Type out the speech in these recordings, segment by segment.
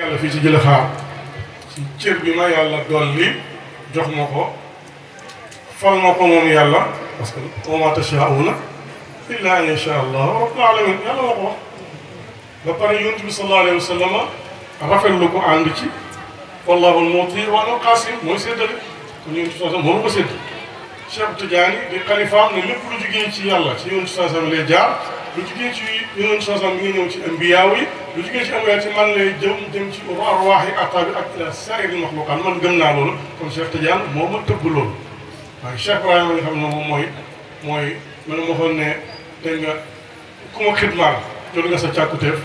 yàlla fii ci Jëlëxaar ci cër ma yàlla dolli jox ma ko fal ma ko moom yàlla parce que wa maa tashaauna illaa an yashaa allahu rabbul ma ko wax ba pare yonent bi sallallahu alayhi wa sallam rafetlu ko ànd ci wallahu al-mu'ti wa ana qaasim mooy séddale kon yonent bi sallallahu moo ko sédd Cheikh Tidiane di xalifaam ne lépp lu jugee jaar lu jugee ci yeneen soosam mi ngi ñëw ci ambiyaaw yi lu jugee ci ambiyaaw ci man lay jëm jëm ci arwaax yi aqaab yi ak ila saa'ir al man gëm naa loolu comme Cheikh Tidiane moo ma tëbb loolu waaye Cheikh Ibrahima nga xam ne mooy mooy man ma waxoon ne dégg nga ku jot nga sa càkkutéef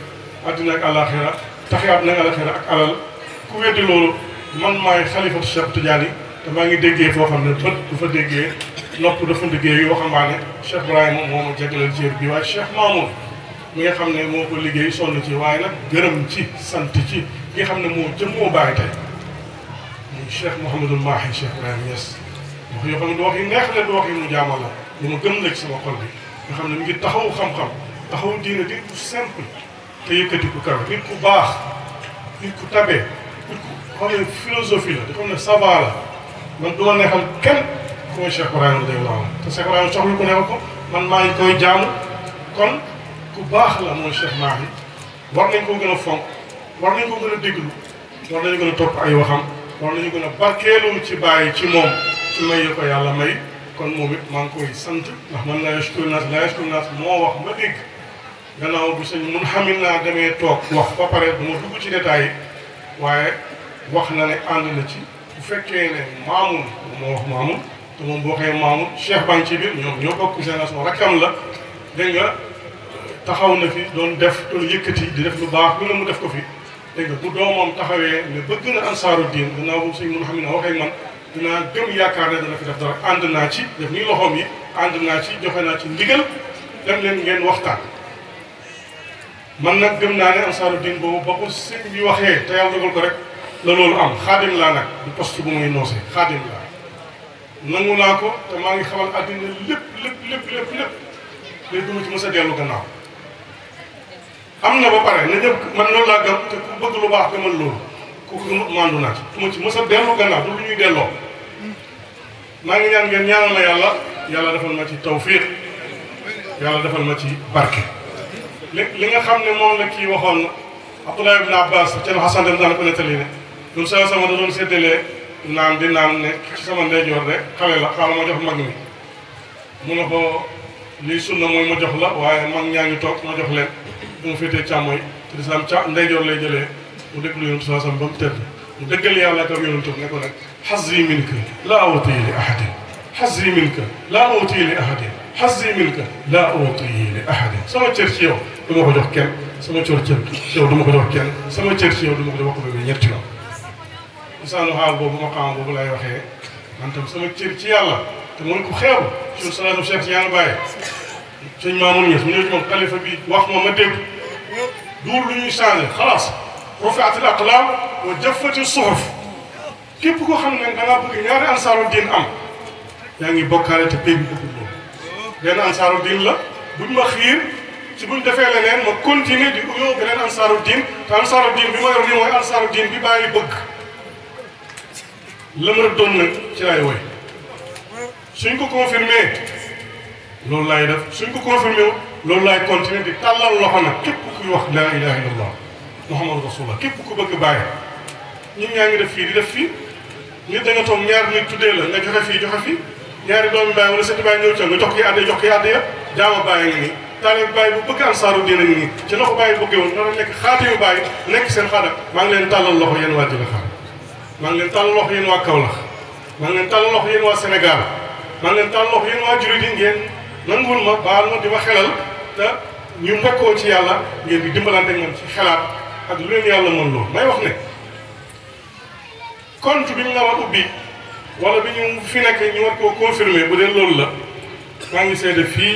àddina ak àllaaxira taxi àddina ak àllaaxira ak alal ku weddi loolu man maay xalifatu Cheikh Tidiane yi ngi déggee foo ne du fa déggee nopp dafa liggéey yu waxambaane Cheikh Ibrahima moo ma jagleel jéer bi waaye Cheikh Mamour mi nga xam ne moo ko liggéey sonn ci waaye nag gërëm ci sant ci nga xam ne moo jëmmoo bàyyi tey muy Cheikh Mouhamadul Mahi Cheikh Ibrahima Niass mu jaamal la lu ma gëm la ci sama xol bi nga xam ne mu ngi taxaw xam-xam taxaw diina di ku simple te yëkkati ku kawe nit ku baax nit ku tabee nit ku xam ne philosophie la di xam ne savoir la man du ma neexal kenn mooy Cheikh Ibrahima radiyallaahu anhu te ko man maa ngi koy jaamu kon ku baax la mooy Cheikh nañ koo gën a fonk war nañ koo a déglu war nañu gën a topp ay waxam war nañu gën a barkeelu ci bàyyi ci moom ci may ko kon moom it sant ndax man laa yashkur naas moo wax ma dégg bu sëñ mun xamit toog wax ba pare waaye wax na ne ànd na ci bu fekkee ne maamul moo wax maamul te moom boo xoolee maamu Cheikh baa ngi ci biir ñoom ñoo bokk génération rakkam la dégg nga taxaw na fi doon def doon yëkkati di def lu baax lu ne mu def ko fi dégg bu doomam taxawee ne bëgg na ansaaru diin gannaaw bu sëñ mun xam ne waxee man dinaa gëm yaakaar ne dana fi def dara ànd naa ci def nii loxoom yi ànd naa ci joxe naa ci ndigal dem leen ngeen waxtaan man nag gëm naa ne ansaaru diin boobu ba ko sëñ bi waxee te yàlla dogal ko rek la loolu am xaadim laa nag du poste bu muy nangu naa ko te maa ngi xamal àddina lépp lépp lépp lépp duma ci mos a dellu gannaaw am na ba pare na ñëpp man noonu laa gëm te ku bëgg lu baax te man loolu ku ko gëm naa ci duma ci mos a dellu gannaaw du lu ñuy delloo maa ngi ñaan ngeen ñaanal la yàlla yàlla defal ma ci tawfiq yàlla defal ma ci barke li li nga xam ne moom na kii waxoon Abdullah ibn Abbas Thierno Hassan dem daan ko nettali ne sama da doon séddalee naan di naan ne sama ndeyjoor rek xale la xaaral ma jox mag mi mu ne ko lii sunna ma jox la waaye mag ñaa ngi toog ma jox leen bu ma féetee càmmooy te lislaam ca ndeyjoor lay jëlee mu déglu yonent saa sam ba mu tëdd mu dëggal yàlla ak yonent ne ko nag xazri minka laa awtii li ahadin xazri minka laa awtii li ahadin xazri minka laa awtii li ahadin sama cër ci yow du ma ko jox kenn sama cër ci yow du ma ko jox kenn sama cër ci yow du ma ko misaanu xaal boobu ma xaam boobu lay waxee man tam sama cër ci yàlla te mooy ko xeew suñu salaatu cheikh ñaanu bàyyi suñ maamun ñes mu moom xalifa bi wax ma ma dégg duur lu ñuy changé xalaas rufiatil aqlaam wa jaffati suhuf képp koo xam ne da ngaa bëgg ñaari ansaaru diin am yaa ngi bokkaale te pay bi bëggul loolu benn ansaaru diin la buñ ma xiir ci buñ defee leneen ma continuer di uyoo beneen ansaaru diin te ansaaru diin bi ma yor nii mooy ansaaru diin bi bàyyi la ma doon nag ci laay woy suñ ko confirmé loolu laay def suñ ko confirmé wu loolu laay continuer bi tàllal loxo nag képp kuy wax laa ilaha illallah muhammadu rasulullah képp ku bëgg bàyyi ñun ñaa ngi def fii di def fii nit da nga ñaar nit tuddee la nga joxe fii joxe fii ñaari doomi bàyyi wala sëti bàyyi ñëw ca nga jox kii àddee jox kii àddee ya jaama bàyyi nga nii taalee bàyyi bu bëgg ansaaru diina ngi nii ci loxo bàyyi bëggee woon dana nekk xaati yu bàyyi nekk seen xaada maa ngi leen tàllal loxo waa dina maa ngi leen tàll loxo yéen waa Kaolack maa ngi leen tàll loxo yéen waa Sénégal maa ngi leen tàll loxo yéen waa jullit yi ngeen nangul ma baal ma di ma xelal te ñu mbokkoo ci yàlla ngeen di dimbalante moom ci xelaat ak lu leen yàlla moom loolu may wax ne compte bi ñu la ubbi wala bi ñu fi nekk ñu war koo confirmer bu dee loolu la maa ngi seede fii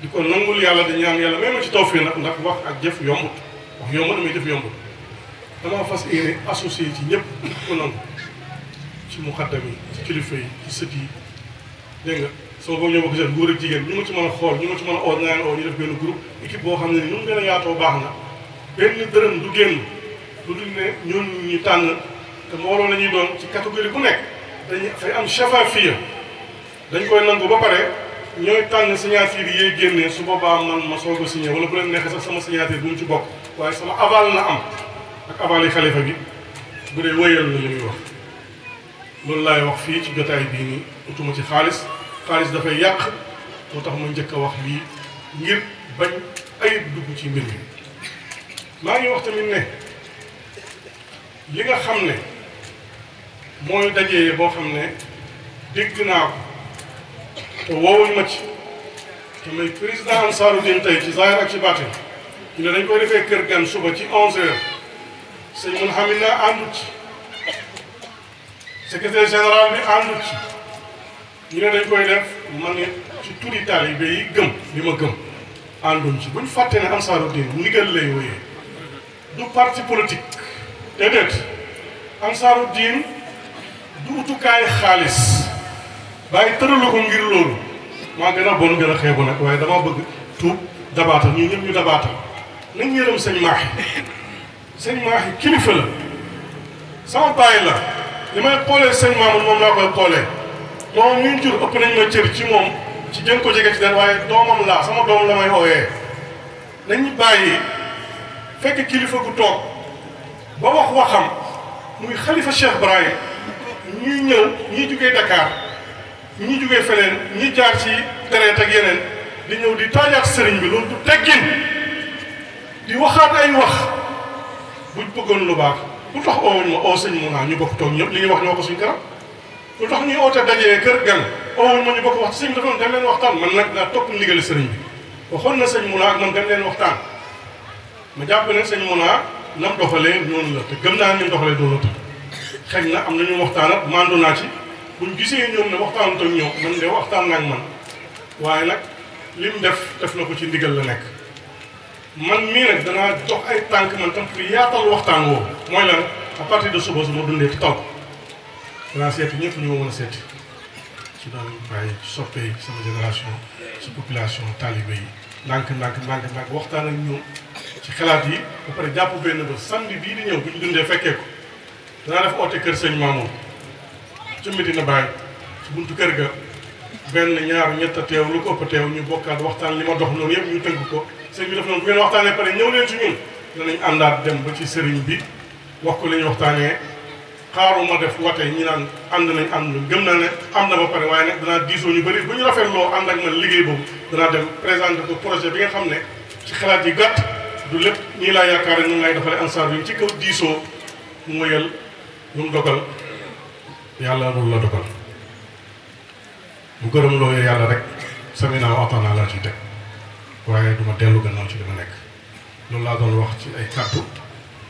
di ko nangul yàlla di ñaan yàlla même ci taw fii nag ndax wax ak jëf yombut wax yombut damay jëf yombut damaa fas yéene associé ci ñëpp ku nangu ci muqaddam yi ci kilifa yi ci sët yi dégg nga sama boobu ñoo bokk seen góor ak jigéen ñu ma ci mën a xool ñu ngi ci mën a oo naa oo ñu def benn groupe équipe boo xam ne ni ñu mu gën yaatoo baax na benn dërëm du génn lu dul ne ñoon ñu tànn te mbooloo la ñuy doon ci catégorie bu nekk dañuy fay am chafafiya dañ koy nangu ba pare ñooy tànn signature yi yee génnee su boobaa man ma soog a signé wala bu leen neexee sax sama signature bu mu ci bokk waaye sama aval na am ak avali xalifa gi bu dee wéyal na li wax loolu laay wax fii ci jotaay bii nii utuma ci xaalis xaalis dafay yàq moo tax ma njëkk a wax lii ngir bañ ayib dugg ci mbir mi maa ngi wax tamit ne li nga xam ne mooy dajee boo xam ne dégg naa ko te woowuñ ma ci te may président Ansaarud-Din tey ci zaahir ak ci baatin ñu ne dañ koy defee kër gan suba ci 11 heures sëñ mun xamit na àndu ci secrétaire général bi àndu ci ñu ne dañ koy def ma ne ci turi taalibe yi gëm li ma gëm ànduñ ci buñ fàttee ne ansaaru diin ndigal lay wéyee du parti politique déedéet ansaaru diin du utukaay xaalis bàyyi tëralu ko ngir loolu maa gën a bon gën a xeebu nag waaye dama bëgg tuub dabaatal ñu ñëpp ñu dabaatal nañ yërëm sëñ sëñ Mahi kilifa la sama bàyyi la li may xoolee sëñ Mamour moom laa koy xoolee moom ñu jur ëpp nañ ma cër ci moom ci jën ko jege ci den waaye doomam laa sama doom la may ooyee nañu bàyyi fekk kilifa gu toog ba wax waxam muy xalifa Cheikh Ibrahim ñuy ñëw ñii jugee Dakar ñii jóge feneen ñii jaar ci traite ak yeneen di ñëw di taajaat sëriñ bi loolu du teggin di waxaat ay wax bu buñ bëggoon lu baax bu tax oowuñ ma oo sëñ Muna ñu bokk toog ñëpp li ñuy wax noo ko suñ kanam lu tax ñuy oote dajee kër gan oowuñ ma ñu bokk wax sëñ dafa dem leen waxtaan man nag daa topp ndigali sëriñ bi waxoon na sëñ Muna ak man dem leen waxtaan ma jàpp ne sëñ Muna nam doxalee noonu la te gën naa ñu doxalee doonu la xëy na am nañu waxtaan ak mandu naa ci buñ gisee ñoom ne waxtaanut ak ñoom man de waxtaan naa ak man waaye nag lim def def na ko ci ndigal la nekk man mii nag danaa jox ay tànk man tam pour yaatal waxtaan woowu mooy lan à partir de suba su ma dundee ci taw danaa seeti ñëpp ñu ma mën a seeti su daan bàyyi soppe yi sama génération su population talibé yi ndànk ndànk ndànk ndànk waxtaan ak ñoom ci xalaat yi ba pare jàpp benn ba samedi bii di ñëw bu ñu dundee fekkee ko danaa def oote kër sëñ Mamour ci na Baye ci buntu kër ga benn ñaar ñett teew lu ko ëpp teew ñu bokkaat waxtaan li ma dox noonu yëpp ñu ko sëñ bi def noonu bu ngeen waxtaanee pare ñëw leen ci ñun danañ àndaat dem ba ci sëriñ bi wax ko la ñu waxtaanee xaaruma def wate ñi naan ànd nañ am gëm naa ne am na ba pare waaye nag danaa diisoo ñu bëri bu ñu rafetloo ànd ak man liggéey boobu danaa dem présenté ko projet bi nga xam ne ci xalaat yi gàtt du lépp ñii laa yaakaar ñu ngay defalee ansaar bi ci kaw diisoo mu yel lu mu dogal yàlla loolu la dogal bu gërëm looyee yàlla rek samina wa atana laa ci waaye duma dellu gannaaw ci li ma nekk loolu laa doon wax ci ay kàddu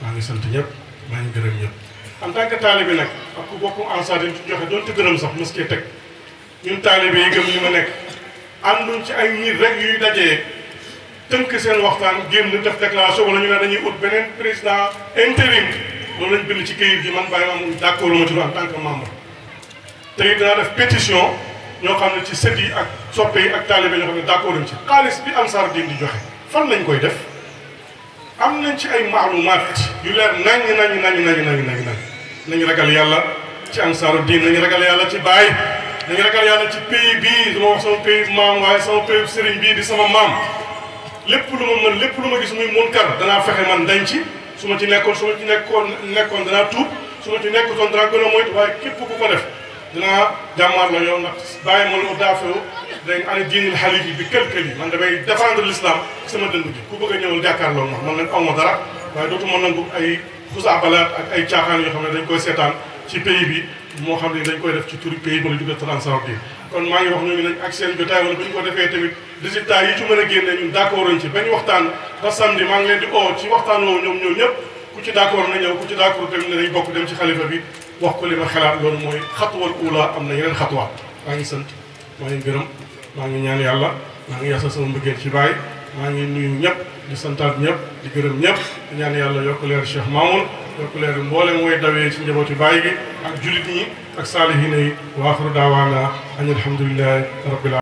maa ngi sant ñëpp maa ngi gërëm ñëpp en tant que taalibe nag ak ku bokkum ansaatin ci joxe doon te gërëm sax mos teg ñun taalibe yi gëm li ma nekk ànduñ ci ay nit rek yuy dajee tënk seen waxtaan génn def déclaration wala ñu ne dañuy ut beneen président intérim loolu lañ bind ci këyit gi man bàyyi ma mu d'accord ma ci lu en tant que membre te it danaa def pétition ñoo xam ne ci set yi ak soppe yi ak taalibe ñoo xam ne d'accord ci xaalis bi ansaar din di joxe fan lañ koy def am nañ ci ay maalumaat yu leer naññ naññ naññ naññ naññ naññ nañu ragal yàlla ci ansaaru diin nañu ragal yàlla ci baay nañ ragal yàlla ci pays bii duma wax sama pays maam waaye sama pays sëriñ bii di sama maam lépp lu ma mën lépp lu ma gis muy munkar danaa fexe man dañ ci suma ci nekkoon su ma ci nekkoon nekkoon danaa tuub su ma ci nekkutoon danaa gën a moytu waaye képp ku ko def dinaa jàmmaarloo yow ndax bàyyi ma loo daafewu dégg nga ana diinul xalifi bi kël-kël yi man damay défendre l'islam sama dënd ji ku bëgg a ñëwal jàkkaarloo ma man nag aw ma dara ne dañ koy seetaan ci pays bi moo wax ñooñu nag ak a ngi leen di oo ci waxtaan woowu ñoom ñoom ñëpp ku ci d'accord na ñëw ku ci d'accord tamit ne dañ bokk dem ci xalifa bi wax ko li ma xalaat loolu mooy xatuwal uula am na yeneen xatuwaat maa ngi sant maa ngi gërëm maa ngi ñaan yàlla maa ngi yasa sama mbëggeel ci baay maa ngi nuyu ñëpp di santaat ñëpp di gërëm ñëpp di ñaan yàlla yokk leer Cheikh Mamoun yokk leer mboolem mooy dawee ci njabooti baay gi ak jullit ñi ak saalihiina yi wa aaxiru daawaana an